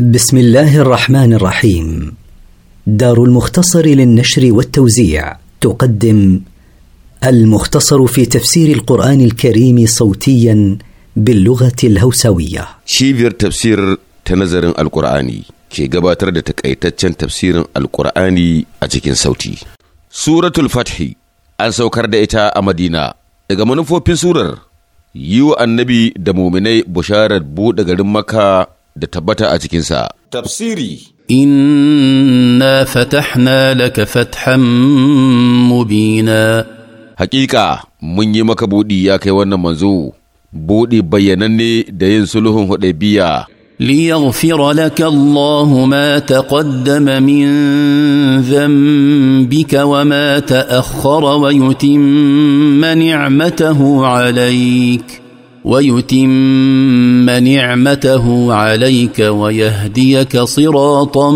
بسم الله الرحمن الرحيم دار المختصر للنشر والتوزيع تقدم المختصر في تفسير القرآن الكريم صوتيا باللغة الهوسوية شيفير تفسير تنظر القرآني كي قباتر تكأيتتشن تفسير القرآني أجيكين صوتي سورة الفتح أن سوكر دائتا أمدينة إذا منفو بين سورة يو النبي دمومني بشارة بو دقل غرمكا da tabbata a cikinsa. Tafsiri Inna fatahna laka fathan mubina. Hakika mun yi maka buɗi ya kai wannan manzo, buɗi bayyananne da yin sulhun hudaybiya. ليغفر لك الله ما تقدم من ذنبك وما تاخر ويتم نعمته عليك ويتم نعمته عليك ويهديك صراطا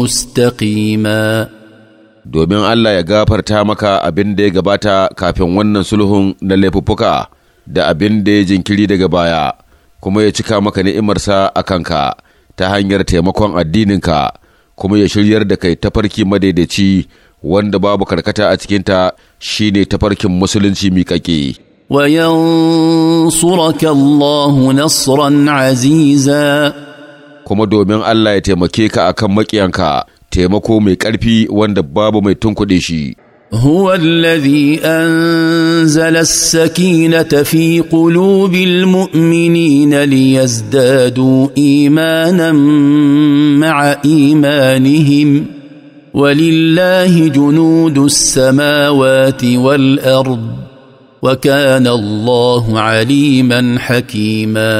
مستقيما domin Allah ya gafarta maka abin da ya gabata kafin wannan sulhun na laifuffuka da abin da ya jinkiri daga baya kuma ya cika maka ni'imarsa a kanka ta hanyar taimakon addininka kuma ya shiryar da kai tafarki madaidaici wanda babu karkata a cikinta shine tafarkin musulunci miƙaƙe. وينصرك الله نصرا عزيزا kuma domin Allah ya taimake ka akan maƙiyanka taimako mai ƙarfi wanda babu mai tunkuɗe shi هو الذي أنزل السكينة في قلوب المؤمنين ليزدادوا إيمانا مع إيمانهم ولله جنود السماوات والأرض وكان الله عليما حكيما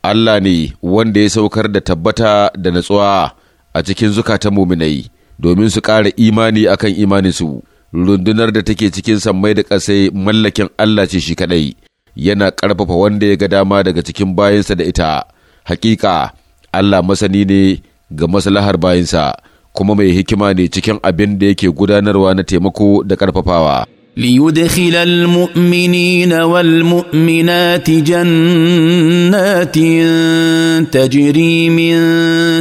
Allah ne wanda ya saukar da tabbata da natsuwa a cikin zukatan muminai domin su ƙara imani akan imaninsu rundunar da take cikin sammai da ƙasai mallakin Allah ce shi kaɗai yana ƙarfafa wanda ya ga dama daga cikin bayansa da ita hakika Allah masani ne ga maslahar bayansa kuma mai hikima ne cikin abin da yake gudanarwa na taimako da ƙarfafawa. ليدخل المؤمنين والمؤمنات جنات تجري من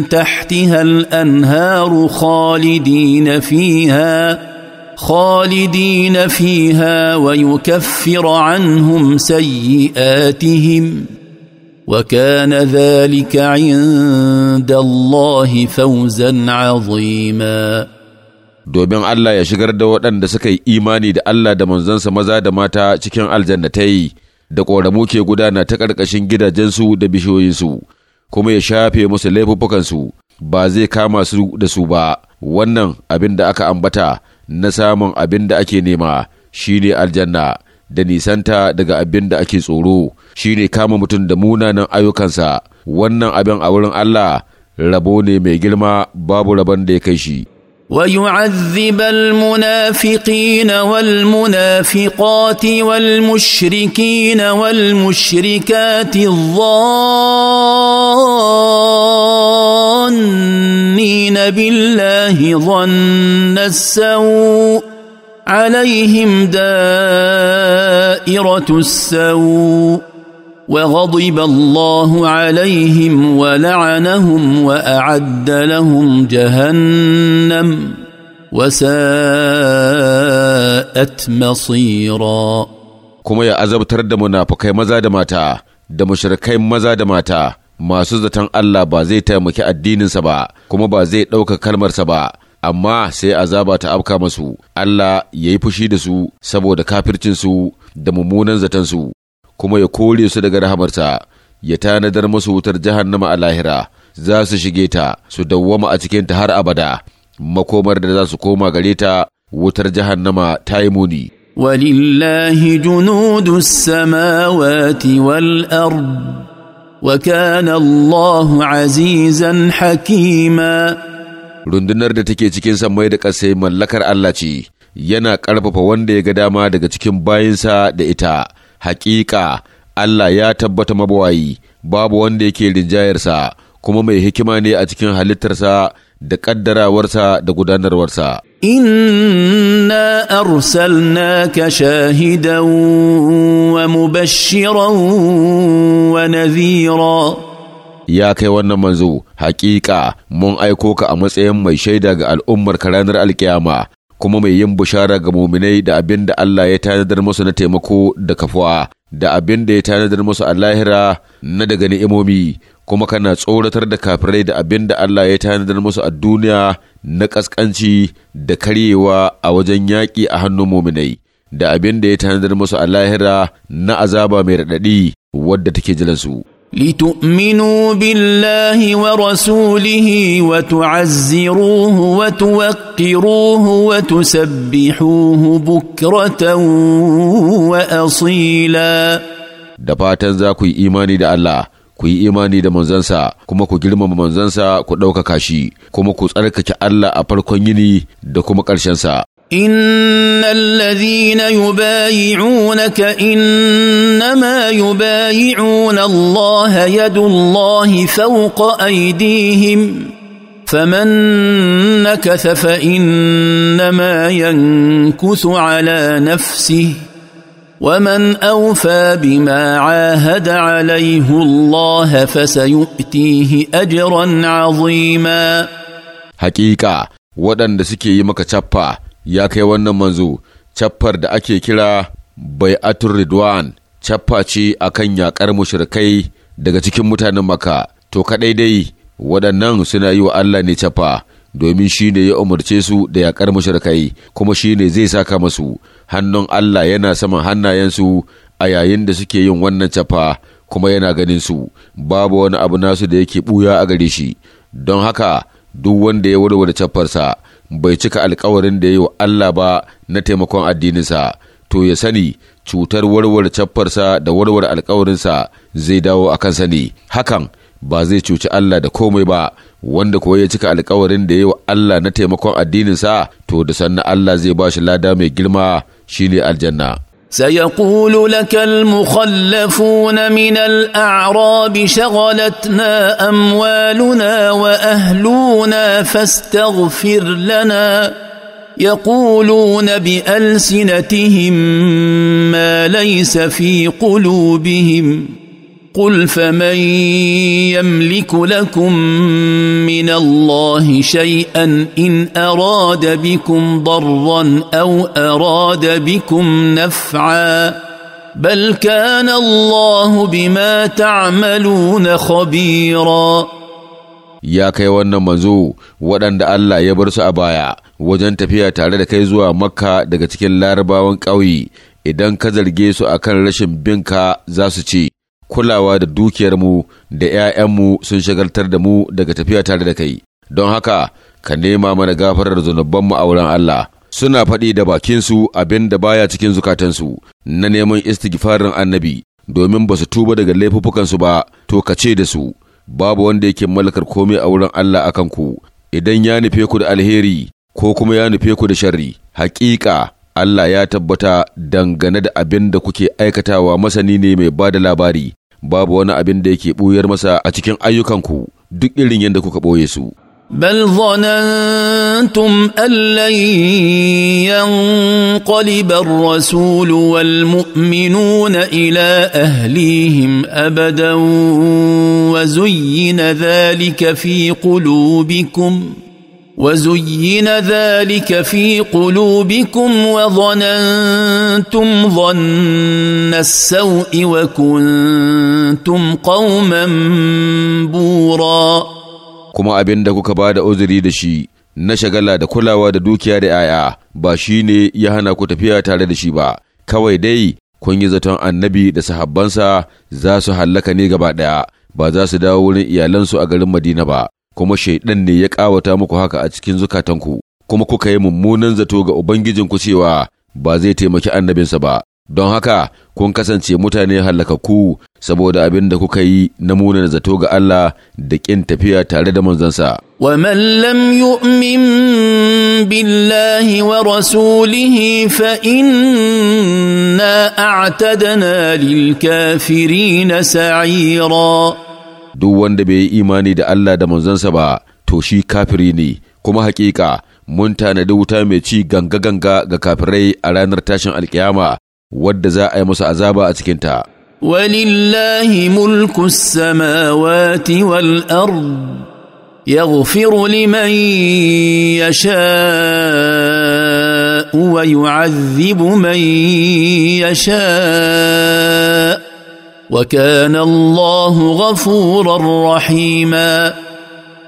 تحتها الانهار خالدين فيها خالدين فيها ويكفر عنهم سيئاتهم وكان ذلك عند الله فوزا عظيما domin Allah ya shigar da waɗanda suka yi imani da Allah da manzansa maza da mata cikin aljanna ta yi da ƙoramu ke gudana ta ƙarƙashin gidajensu da bishiyoyinsu kuma ya shafe musu laifuffukansu ba zai kama su da su ba wannan abin da aka ambata na samun abin da ake nema shi ne aljanna da nisanta daga abin da ake tsoro shi ne kama mutum da munanan ayyukansa wannan abin a wurin Allah rabo ne mai girma babu rabon da ya kai shi ويعذب المنافقين والمنافقات والمشركين والمشركات الظانين بالله ظن السوء عليهم دائره السوء وغضب الله عليهم ولعنهم واعد لهم جهنم وساءت مصيرا kuma ya azabtar da munafukai maza da mata da mushrikai maza da mata masu zaton Allah ba zai taimaki addininsa ba kuma ba zai ɗauka kalmarsa ba amma sai azaba ta afka masu Allah ya yi fushi da su saboda kafircinsu da mummunan zatansu. kuma ya kore su daga rahamarsa ya tanadar musu wutar jahannama a lahira za su shige ta su dawwama a cikin ta har abada makomar da za su koma gare ta wutar jahannama ta yi muni ولله جنود السماوات wa kana Allahu, azizan Hakima. rundunar da take cikin samai da ƙasa mallakar Allah ce yana ƙarfafa wanda ya ga dama daga cikin bayansa da ita haƙiƙa Allah ya tabbata mabawayi babu wanda yake rinjayarsa kuma mai hikima ne a cikin halittarsa da ƙaddarawarsa da gudanarwarsa. Inna arsalnaka shahidan wa mubashiran wa Ya kai wannan manzo, haƙiƙa mun aiko ka a matsayin mai shaida ga al'ummar ranar alkiyama. kuma mai yin bushara ga muminai da abin da Allah ya tanadar musu na taimako da kafuwa da abin da ya tanadar musu a lahira na daga ni'imomi kuma kana tsoratar da kafirai da abin da Allah ya tanadar musu a duniya na ƙasƙanci da karyewa a wajen yaƙi a hannun muminai da abin da ya tanadar musu a lahira na azaba mai raɗaɗi wadda take jilansu. لتؤمنوا بالله ورسوله وتعزروه وتوقروه وتسبحوه بكرة وأصيلا da fatan za ku yi imani da Allah ku yi imani da manzansa kuma ku girmama manzansa ku ɗaukaka shi kuma ku tsarkake Allah a farkon yini da kuma ƙarshensa ان الذين يبايعونك انما يبايعون الله يد الله فوق ايديهم فمن نكث فانما ينكث على نفسه ومن اوفى بما عاهد عليه الله فسيؤتيه اجرا عظيما حقيقه waɗanda suke yi maka cappa ya kai wannan manzo caffar da ake kira bai ridwan caffa ce a kan yakar mushrikai daga cikin mutanen maka to kaɗai dai waɗannan suna yi wa Allah ne caffa domin shi ne ya umarce su da yakar mushrikai kuma shi ne zai saka masu hannun Allah yana saman hannayensu a yayin da suke yin wannan caffa kuma yana ganin su babu wani abu nasu da yake buya a gare shi don haka duk wanda ya warware sa. bai cika alkawarin da ya yi wa Allah ba na taimakon addininsa, to ya sani cutar warware caffarsa da warware alkawarinsa zai dawo a kansa ne, hakan ba zai cuci Allah da komai ba, wanda kuwa ya cika alkawarin da ya yi wa Allah na taimakon addininsa, to da sannan Allah zai ba shi lada mai girma shi ne aljanna. سيقول لك المخلفون من الاعراب شغلتنا اموالنا واهلونا فاستغفر لنا يقولون بالسنتهم ما ليس في قلوبهم قل فمن يملك لكم من الله شيئا ان اراد بكم ضرا او اراد بكم نفعا بل كان الله بما تعملون خبيرا ya kai wannan manzo waɗanda Allah ya bar su a baya wajen tafiya tare da kai zuwa makka daga cikin larabawan ƙauye idan ka zarge su akan rashin binka za su ce kulawa da dukiyarmu da ‘ya'yanmu sun shagaltar da mu daga tafiya tare da kai, don haka ka nema mana gafarar zunubanmu a wurin Allah. Suna faɗi da bakinsu abin da baya cikin zukatansu na neman istighfarin annabi, domin ba su tuba daga laifuffukansu ba, to ka ce da su, babu wanda yake mallakar komai a wurin Allah akan ku, idan ya nufe ku da alheri ko kuma ya nufe ku da sharri, Haƙiƙa. Allah ya tabbata dangane da abin da kuke aikatawa masani ne mai ba da labari, babu wani abin da yake ɓuyar masa a cikin ayyukanku duk irin yadda kuka ɓoye su. بل ظننتم ان لن ينقلب الرسول والمؤمنون abadan اهليهم ابدا وزين ذلك في قلوبكم وزين ذلك في قلوبكم وظننتم ظن السوء وكنتم قوما بورا kuma abin da kuka ba da uzuri da shi na shagala da kulawa da dukiya da 'ya'ya ba shi ne ya hana ku tafiya tare da shi ba kawai dai kun yi zaton annabi da sahabbansa za su hallaka ne gaba ɗaya ba za su dawo wurin iyalansu a garin madina ba kuma shaidan ne ya ƙawata muku haka a cikin zukatanku, kuma kuka yi mummunan zato ga Ubangijinku cewa ba zai taimaki annabinsa ba, don haka kun kasance mutane halakakku saboda abin da kuka yi na munan zato ga Allah da ƙin tafiya tare da manzansa. Wa lam yu'min billahi wa rasulihi fa inna a'tadna lil kafirina sa'ira. duk wanda bai yi imani da Allah da manzansa ba to shi kafiri ne kuma hakika mun tanadi wuta mai ci ganga-ganga ga kafirai a ranar tashin alkiyama wadda za a yi musu azaba a cikinta. ولله ملك السماوات والارض يغفر لمن يشاء ويعذب من yasha. وكان الله غفورا رحيما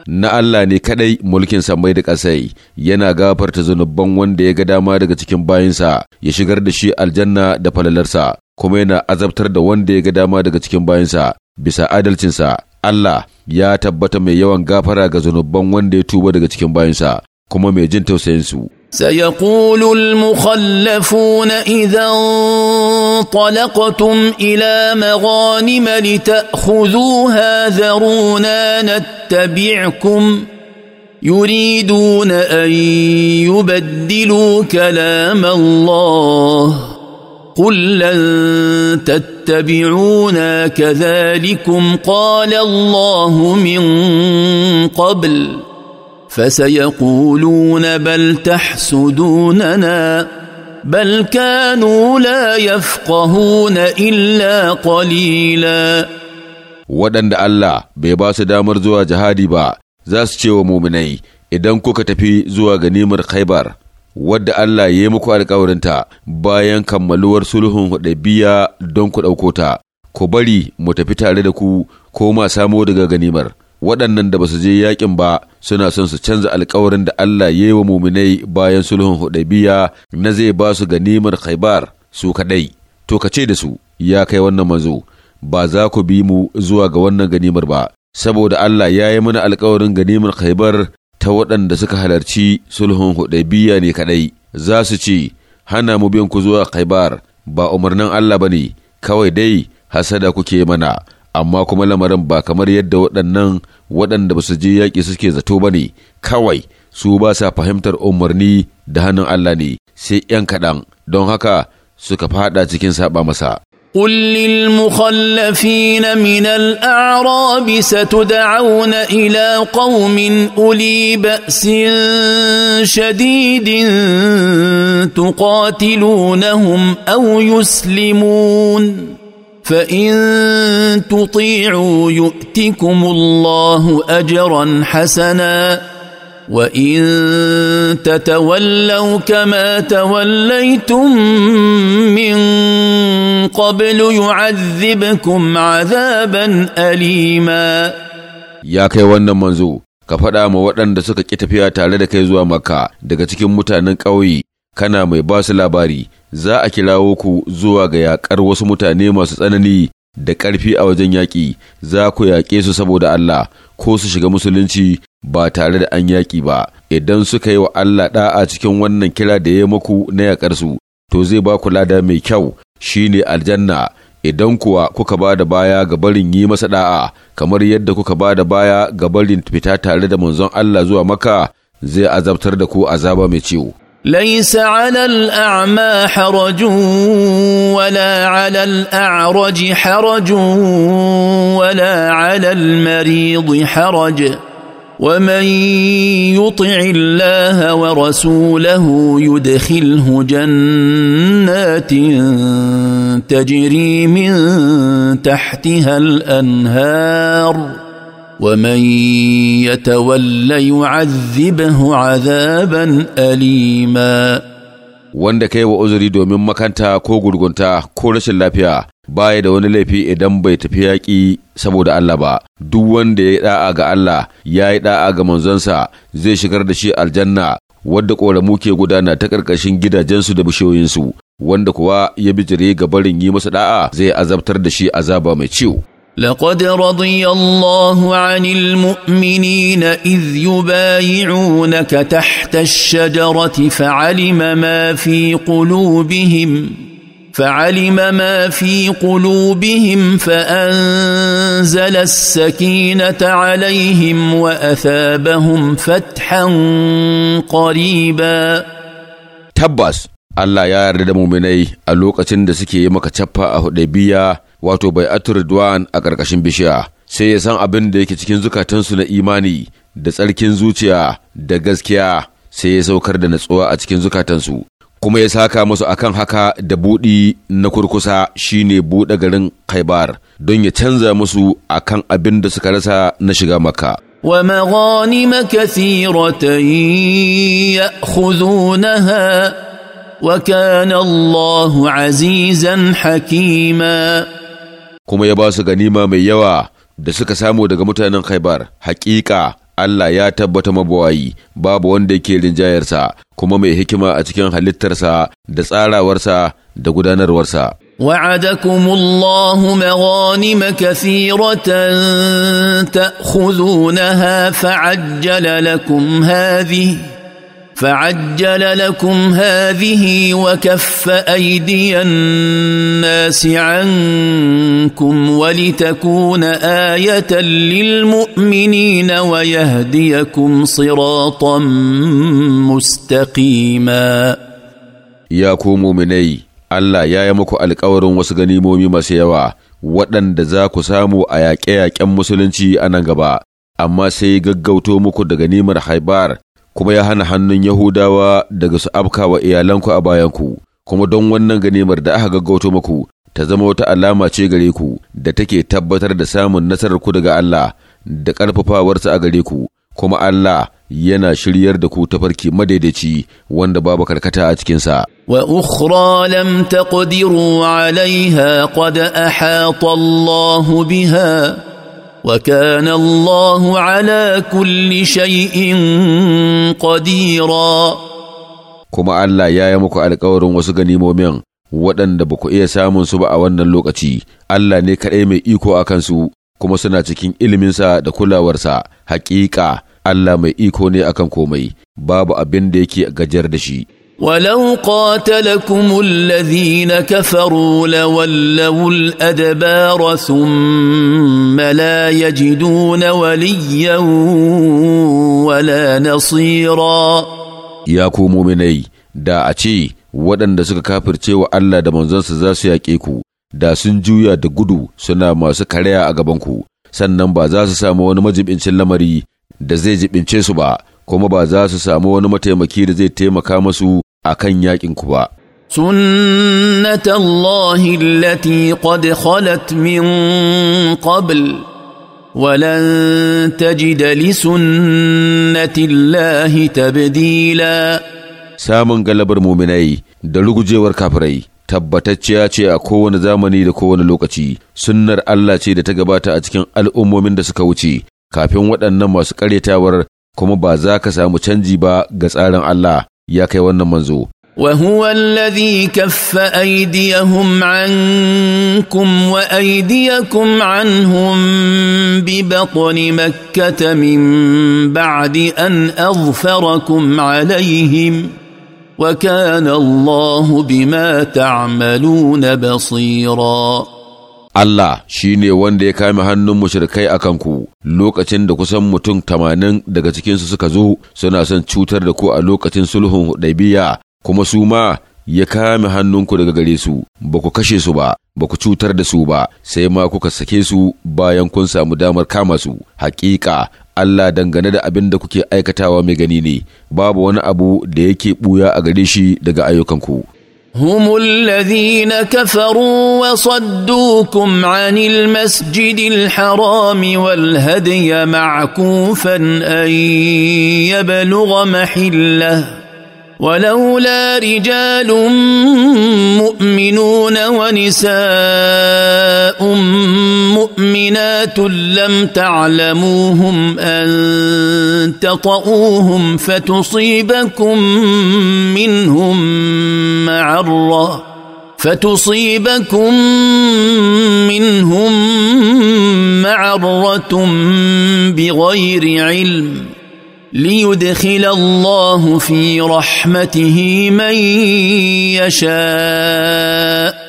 na Allah ne kadai mulkin mai da ƙasai yana gafarta zunuban wanda ya ga dama daga cikin bayinsa ya shigar da shi aljanna da falalarsa kuma yana azabtar da wanda ya ga dama daga cikin bayinsa bisa adalcinsa Allah ya tabbata mai yawan gafara ga zunuban wanda ya tuba daga cikin bayinsa kuma mai jin tausayin su. سيقول المخلفون اذا انطلقتم الى مغانم لتاخذوها ذرونا نتبعكم يريدون ان يبدلوا كلام الله قل لن تتبعونا كذلكم قال الله من قبل فسيقولون بل تحسدوننا بل كانوا لا يفقهون إلا قليلا waɗanda Allah bai ba su damar zuwa jihadi ba za su ce wa muminai idan kuka tafi zuwa ganimar khaibar wadda Allah ya yi muku alkawarinta bayan kammaluwar sulhun hudaybiya don ku ɗauko ta ku bari mu tafi tare da ku ko ma samo daga ganimar waɗannan da ba su je yaƙin ba suna son su canza alkawarin da Allah ya yi wa muminai bayan sulhun hudaybiya na zai ba su ganimar khaibar su kaɗai to ka ce da su ya kai wannan manzo ba za ku bi mu zuwa ga wannan ganimar ba saboda Allah ya yi mana alkawarin ganimar khaibar ta waɗanda suka halarci sulhun hudaybiya ne kaɗai za su ce hana mu bin ku zuwa khaibar ba umarnin Allah ba ne kawai dai hasada kuke mana amma kuma lamarin ba kamar yadda waɗannan waɗanda ba su je yaƙi suke zato ba ne kawai su ba sa fahimtar umarni da hannun Allah ne sai ‘yan kaɗan don haka suka fada cikin saɓa masa. قل للمخلفين من الأعراب ستدعون إلى قوم أولي بأس شديد تقاتلونهم أو يسلمون فان تطيعوا يؤتكم الله اجرا حسنا وان تتولوا كما توليتم من قبل يعذبكم عذابا اليما يا kai wannan manzo ka faɗa ma waɗanda suka ƙi tafiya tare da kai zuwa makka daga cikin mutanen ƙauye kana mai ba su labari za a kirawo ku zuwa ga yaƙar wasu mutane masu tsanani da ƙarfi a wajen yaƙi, za ku yaƙe su saboda Allah ko su shiga musulunci ba tare da an yaƙi ba, idan suka yi wa Allah ɗa'a cikin wannan kira da ya maku na yaƙar su to zai ba ku lada mai kyau shine aljanna. Idan kuwa kuka ba da baya ga barin yi masa ɗa'a, kamar yadda kuka ba da baya ga barin fita tare da manzon Allah zuwa maka, zai azabtar da ku azaba mai ciwo. ليس على الاعمى حرج ولا على الاعرج حرج ولا على المريض حرج ومن يطع الله ورسوله يدخله جنات تجري من تحتها الانهار ومن يتولى يعذبه عذابا أليما wanda kai wa uzuri domin makanta ko gurgunta ko rashin lafiya baya da wani laifi idan bai tafi yaƙi saboda Allah ba duk wanda ya yi da'a ga Allah ya yi da'a ga manzonsa zai shigar da shi aljanna wadda ƙoramu ke gudana ta ƙarƙashin gidajensu da bishiyoyinsu wanda kuwa ya bijire ga barin yi masa da'a zai azabtar da shi azaba mai ciwo لقد رضي الله عن المؤمنين اذ يبايعونك تحت الشجره فعلم ما في قلوبهم فعلم ما في قلوبهم فانزل السكينه عليهم واثابهم فتحا قريبا تبس الله يا رد مؤمني a lokacin da suke yi maka a wato bai ridwan a ƙarƙashin bishiya sai ya san abin da yake cikin zukatansu na imani da tsarkin zuciya da gaskiya sai ya saukar da natsuwa a cikin zukatansu kuma ya saka musu akan haka da buɗi na kurkusa shine buɗe garin khaibar don ya canza musu akan abin da suka rasa na shiga maka ومغانم كثيرة يأخذونها وكان الله عزيزا Hakima. kuma ya ba su ganima mai yawa da suka samu daga mutanen Khaibar hakika Allah ya tabbata mabawayi babu wanda yake rinjayarsa kuma mai hikima a cikin halittarsa da tsarawarsa da gudanarwarsa وعدكم الله مغانم كثيرة تأخذونها فعجل لكم هذه فعجل لكم هذه وكف ايدي الناس عنكم ولتكون ايه للمؤمنين ويهديكم صراطا مستقيما يا Muminai, Allah ya yi muku alkawarin wasu ganimomi masu yawa waɗanda za ku samu a yaƙe-yaƙen musulunci a nan gaba, amma sai gaggauto muku daga ganimar haibar kuma ya hana hannun Yahudawa daga su afka wa iyalanku a bayanku, kuma don wannan ganimar da aka gaggauto muku ta zama wata alama ce gare ku da take tabbatar da samun nasarar ku daga Allah da ƙarfafawarsa a gare ku, kuma Allah yana shiryar da ku tafarki madaidaici wanda babu karkata a cikinsa. Wa ukhra lam taqdiru alaiha qad ahata Allahu biha وكان الله على كل شيء قديرا kuma Allah ya yi muku alkawarin wasu ganimomin waɗanda ba ku iya samun su ba a wannan lokaci, Allah ne kaɗai mai iko a kansu kuma suna cikin iliminsa da kulawarsa, haƙiƙa Allah mai iko ne akan komai, babu abin da yake gajar da shi. ولو قاتلكم الذين كفروا لولوا الادبار ثم لا يجدون وليا ولا نصيرا يا muminai da a ce waɗanda suka kafirce wa Allah da manzansa za su yaƙe ku da sun juya da gudu suna masu karaya a gabanku sannan ba za su samu wani majibincin lamari da zai jibince su ba kuma ba za su samu wani mataimaki da zai taimaka masu a kan ku ba. Sunnatallahi allati qad min qabl ولن تجد لسنة samun galabar muminai da rugujewar kafirai tabbatacciya ce a kowane zamani da kowane lokaci sunnar Allah ce da ta gabata a cikin al'ummomin da suka wuce kafin waɗannan masu karyatawar kuma ba za ka samu canji ba ga tsarin Allah ya wannan manzo وهو الذي كف ايديهم عنكم وايديكم عنهم ببطن مكه من بعد ان اظفركم عليهم وكان الله بما تعملون بصيرا Allah shi ne wanda ya kame hannun mushrikai a kanku lokacin da kusan mutum tamanin daga cikinsu suka zo suna son cutar da ku a lokacin sulhun hudaybiya kuma su ma ya kame hannunku daga gare su ba ku kashe su ba ba ku cutar da su ba sai ma kuka sake su bayan kun samu damar kama su hakika Allah dangane da abin da kuke aikatawa mai gani ne babu wani abu da yake buya a gare shi daga ayyukanku هم الذين كفروا وصدوكم عن المسجد الحرام والهدي معكوفا ان يبلغ محله ولولا رجال مؤمنون ونساء مؤمنات لم تعلموهم ان تطئوهم فتصيبكم منهم معره فتصيبكم منهم معره بغير علم ليدخل الله fi رحمته من يشاء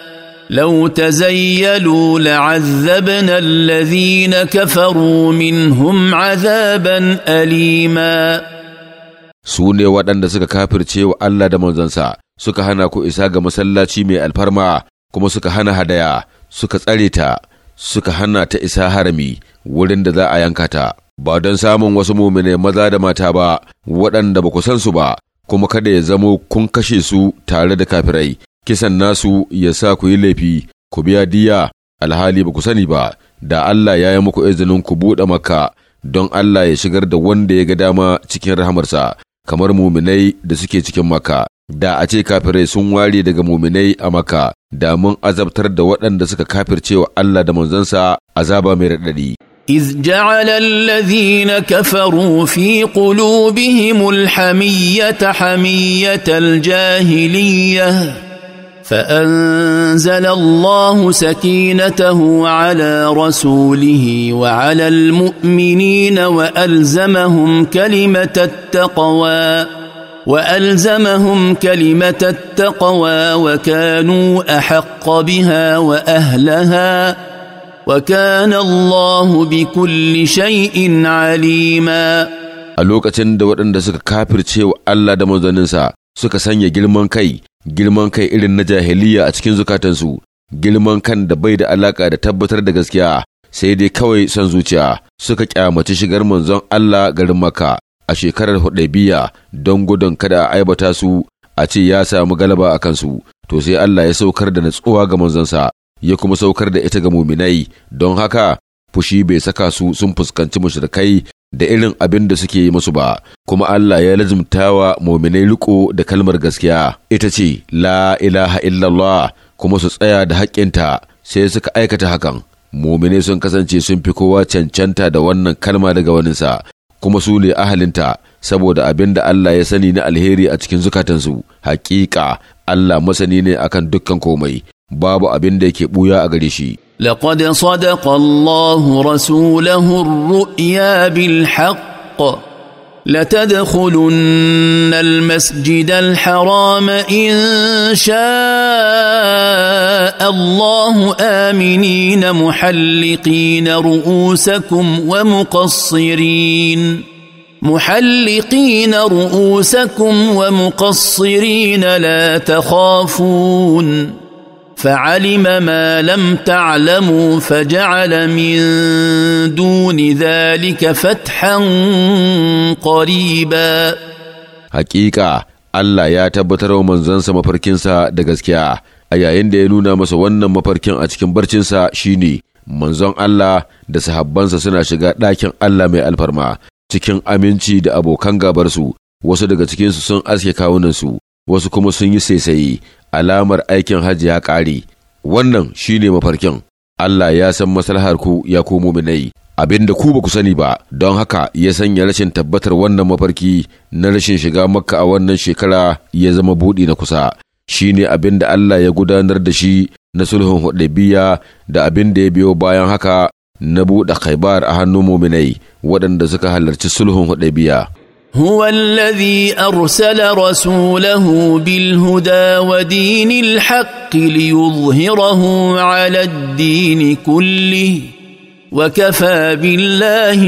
لو تزيلوا لعذبنا الذين كفروا منهم عذابا أليما su ne waɗanda suka kafirce wa Allah da manzansa suka hana ku isa ga masallaci mai alfarma kuma suka hana hadaya suka tsare ta suka hana ta isa harami wurin da za a yanka ta ba don samun wasu mumine maza da mata ba waɗanda ba ku san su ba kuma kada ya zamo kun kashe su tare da kafirai kisan nasu ya sa ku yi laifi ku biya diya alhali ba ku sani ba da Allah ya yi muku izinin ku buɗe maka don Allah ya shigar da wanda ya ga dama cikin rahamarsa kamar muminai da suke cikin maka da a ce kafirai sun ware daga muminai a maka da mun azabtar da waɗanda suka kafircewa Allah da manzansa azaba mai raɗaɗi. اذ جعل الذين كفروا في قلوبهم الحميه حميه الجاهليه فانزل الله سكينته على رسوله وعلى المؤمنين والزمهم كلمه التقوى والزمهم كلمه التقوى وكانوا احق بها واهلها وكان الله بكل شيء عليما a lokacin da waɗanda suka kafirce wa Allah da manzanninsa suka sanya girman kai girman kai irin na jahiliya a cikin zukatansu girman kan da bai da alaka da tabbatar da gaskiya sai dai kawai son zuciya suka kyamaci shigar manzon Allah garin Makka a shekarar Hudaybiya don gudun kada a aibata su a ce ya samu galaba a kansu to sai Allah ya saukar da natsuwa ga manzansa ya kuma saukar da ita ga muminai don haka fushi bai saka su sun fuskanci mushrikai da irin abin da suke yi musu ba kuma Allah ya wa muminai riko da kalmar gaskiya ita ce la ilaha illallah kuma su tsaya da haƙƙinta sai suka aikata hakan muminai sun kasance sun fi kowa cancanta da wannan kalma daga waninsa kuma su ne ahalinta saboda abin da Allah ya sani na alheri a cikin zukatansu hakika Allah masani ne akan dukkan komai babu abin da yake buya a gare shi لقد صدق الله رسوله الرؤيا بالحق لتدخلن المسجد الحرام ان شاء الله امنين محلقين رؤوسكم ومقصرين محلقين رؤوسكم ومقصرين لا تخافون فعلم ما لم تعلموا فجعل من دون ذلك فتحا قريبا حقيقة Allah ya tabbatar wa manzonsa mafarkinsa da gaskiya a yayin da ya nuna masa wannan mafarkin a cikin barcinsa shine manzon Allah da sahabbansa suna shiga ɗakin Allah mai alfarma cikin aminci da abokan gabarsu wasu daga cikinsu sun aske kawunansu wasu kuma sun yi saisaye alamar aikin hajji ya ƙare wannan shine mafarkin Allah ya san maslahar ku ya komo muminai abin da ku ba ku sani ba don haka ya sanya rashin tabbatar wannan mafarki na rashin shiga makka a wannan shekara ya zama buɗi na kusa shine abin da Allah ya gudanar da shi na sulhun hudabiya da abin da ya biyo bayan haka na buɗe kaibar a hannun muminai waɗanda suka halarci sulhun hudabiya. هو الذي ارسل bilhuda, بالهدى ودين الحق ليظهره على الدين كله وكفى بالله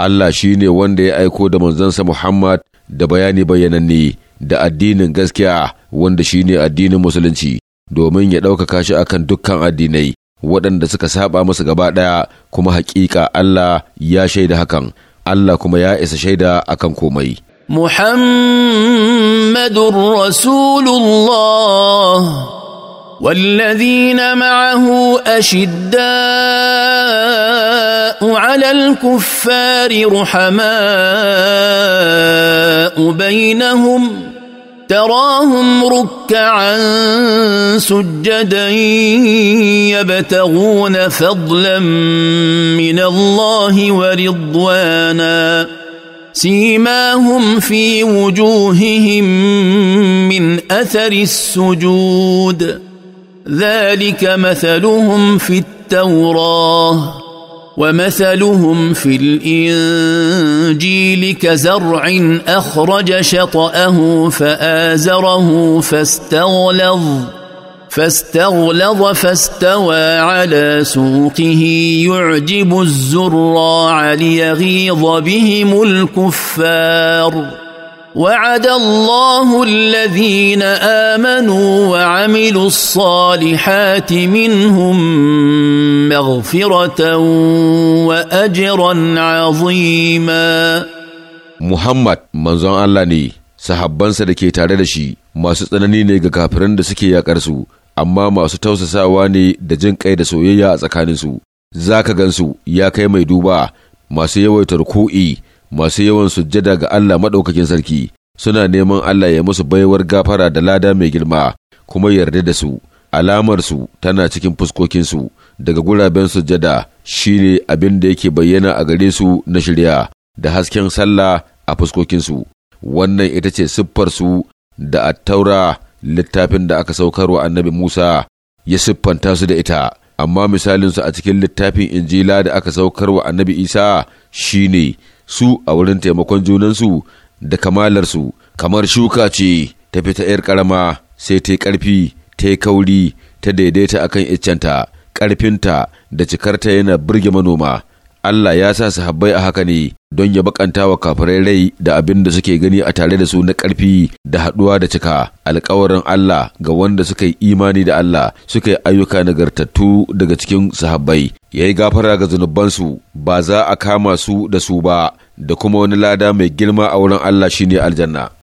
Allah shi ne wanda ya aiko da manzansa Muhammad da bayani bayananne da addinin gaskiya wanda shi ne addinin musulunci domin ya ɗaukaka shi akan dukkan addinai waɗanda suka saba masa gaba ɗaya kuma haƙiƙa Allah ya shaida hakan Allah kuma ya isa shaida akan komai. Muhammadun Rasulullah والذين معه اشداء على الكفار رحماء بينهم تراهم ركعا سجدا يبتغون فضلا من الله ورضوانا سيماهم في وجوههم من اثر السجود ذلك مثلهم في التوراه ومثلهم في الانجيل كزرع اخرج شطاه فازره فاستغلظ فاستغلظ فاستوى على سوقه يعجب الزراع ليغيظ بهم الكفار وعد الله الذين امنوا وعملوا الصالحات منهم مغفره واجرا عظيما محمد منزon Allah ne sahabbansa da ke tare da shi masu tsanani ne ga kafiran da suke yakar su amma masu tausasawa ne da jin ƙai da soyayya a tsakaninsu zaka gansu ya kai mai duba masu yawaitar ku'i. masu yawan sujjada ga Allah maɗaukakin sarki suna neman Allah ya musu baiwar gafara da lada mai girma kuma yarda da su alamarsu tana cikin fuskokinsu daga guraben sujjada shine abin da yake bayyana a gare su na shirya da hasken sallah a fuskokinsu wannan ita ce siffar su da taura littafin da aka saukarwa annabi Musa ya siffanta su da ita amma misalinsu a cikin littafin injila da aka saukarwa annabi Isa shine su a wurin taimakon junansu da kamalarsu kamar shuka ce ta fita ‘yar karama sai ta yi ƙarfi ta yi kauri ta daidaita akan iccenta ƙarfinta da cikarta yana birge manoma Allah ya sa sahabbai a haka ne don ya bakanta wa kafirai rai da abin da suke gani a tare da su na ƙarfi da haɗuwa da cika alkawarin Allah ga wanda suka yi imani da Allah suka yi ayyuka nagartattu daga cikin sahabbai ya yi gafara ga zunubansu ba za a kama su da su ba da kuma wani lada mai girma a wurin Allah shine aljanna